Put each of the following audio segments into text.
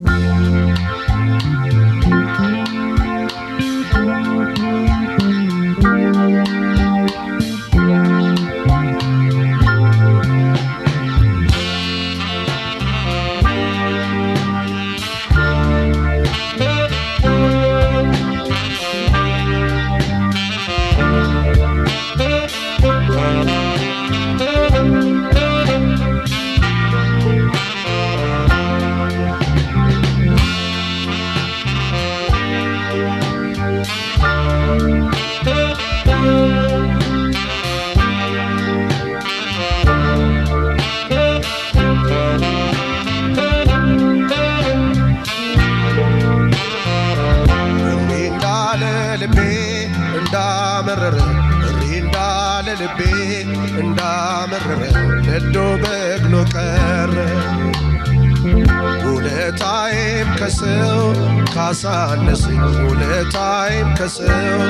Bye. Mm. ልቤ እንዳመረረ ነዶ በግኖ ቀረ። ውለታዬም ከሰው ካሳነሰኝ ውለታዬም ከሰው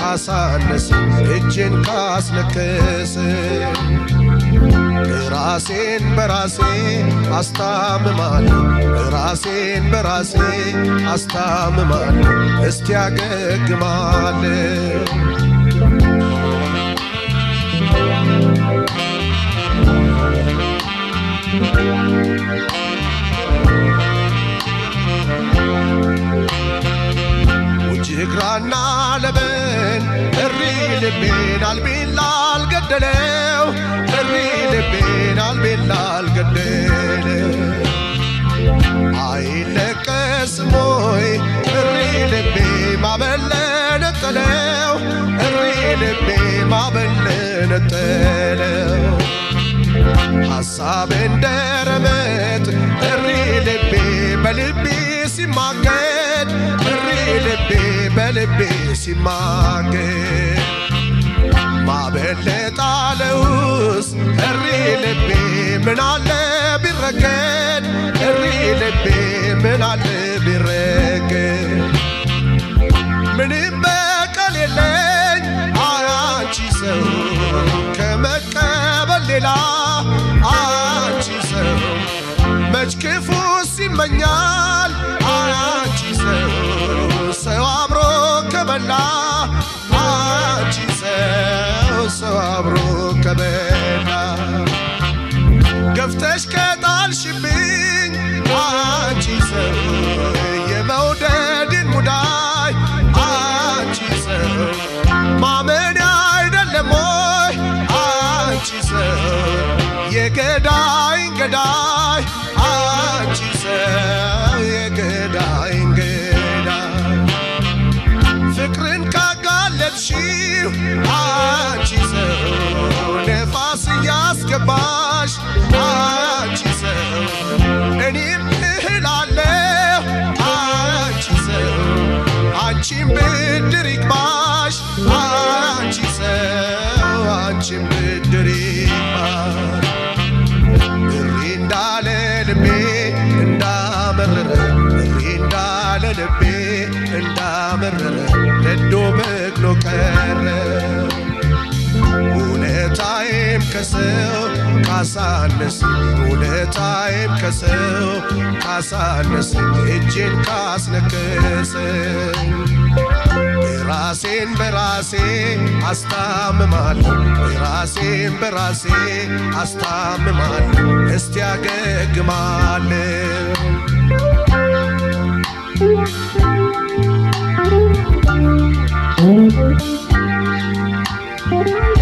ካሳነሰኝ እጅን ካስነከሰ ራሴን በራሴ አስታምማለሁ ራሴን በራሴ አስታምማለሁ እስቲ ያገግማለሁ ግራና ለበን እሪ ልቤን አልቤላ አልገደለው እሪ ልቤን አልቤላ አልገደለው አይለቀስ ሞይ እሪ ልቤ ማበለነጠለው እሪ ልቤ ማበለነጠለው ሀሳብ እንደረመጥ እሪ ልቤ በልቤ ሲማገድ እሪ ልቤ በልቤ ሲማገድ ማበለጣለውስ እሪ ልቤ ምናለ ቢረገድ እሪ ልቤ ምናለ ይመኛል አቺ ሰው ሰው አብሮ ከበላ ሰው ሰው አብሮ ከበላ ገፍተሽ ከጣልሽብኝ አቺ ሰው የመውደድን ሙዳይ ሰው ማመን አይደለም ወይ አንቺ ሰው የገዳይን ገዳይ ገባሽ አንቺ ሰው እኔም እህላለሁ አንቺ ሰው አንቺም ብድር ይግባሽ አንቺ ሰው አንቺም ብድር ይግባሽ እኔ እንዳለ ልቤ ልቤ እንዳመረረ ነዶ በግሎ ቀረ። ውለታዬም ከሰው ካሳነስ ውለታዬም ከሰው ካሳነስ እጄን ካስነከሰ ራሴን በራሴ አስታምማለሁ ራሴን በራሴ አስታምማለሁ እስቲ ያገግማለሁ Thank you.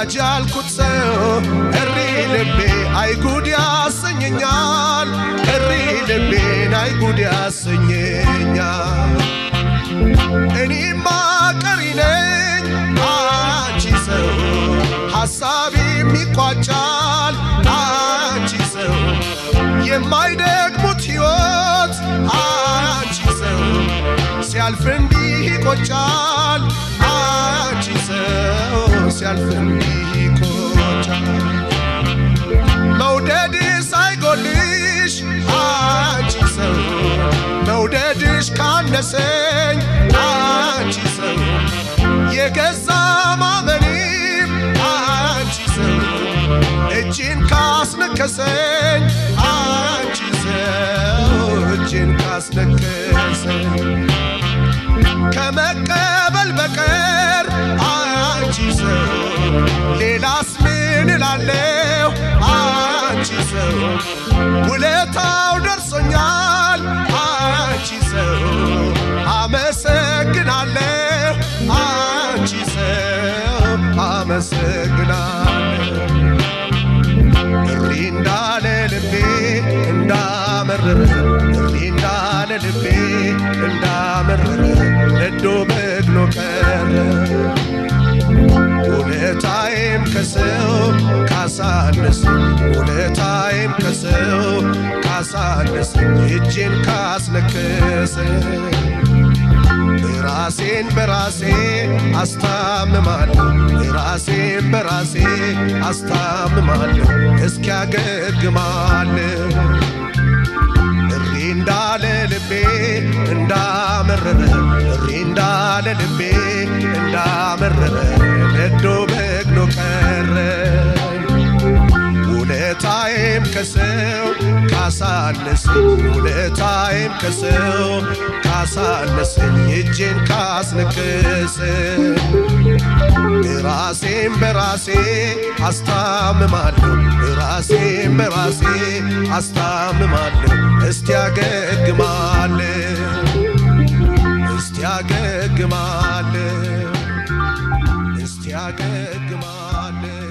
ወዳጅ ያልኩት ሰው እሪ ልቤ አይጉድ ያሰኘኛል፣ እሪ ልቤን አይጉድ ያሰኘኛል። እኔማ ቀሪ ነኝ አንቺ ሰው ሐሳቤም ይቋጫል አንቺ ሰው የማይደግሙት ሕይወት አንቺ ሰው ሲያልፍ እንዲህ ይቆጫል ያልፍልኝ ኮቻ መውደድስ አይጎልሽ አንቺ ሰው መውደድሽ ካነሰኝ አንቺ ሰው የገዛ ማመኔም አንቺ ሰው እጅን ካስነከሰኝ ሌላስ ምን እላለሁ አንቺ ሰው ውለታው ደርሶኛል አንቺ ሰው አመሰግናለሁ አንቺ ሰው አመሰግናለሁ እሪ እንዳለ ልቤ እንዳመረረ እሪ እንዳለ ልቤ እንዳመረረ ነዶ በግሎ ቀረ ከሰው ካሳነስ ውለታይም ከሰው ካሳነስ እጄን ካስለከሰ ራሴን በራሴ አስታምማለሁ ራሴን በራሴ አስታምማለሁ እስኪያገግማለሁ እሪ እንዳለ ልቤ እንዳመረረ እሪ እንዳለ ልቤ ካሳነስኝ ውለታዬን ከሰው ካሳነስኝ እጄን ካስነከስ ራሴን በራሴ አስታምማለሁ ራሴን በራሴ አስታምማለሁ እስቲ ያገግማለሁ እስቲ ያገግማለሁ እስቲ ያገግማለሁ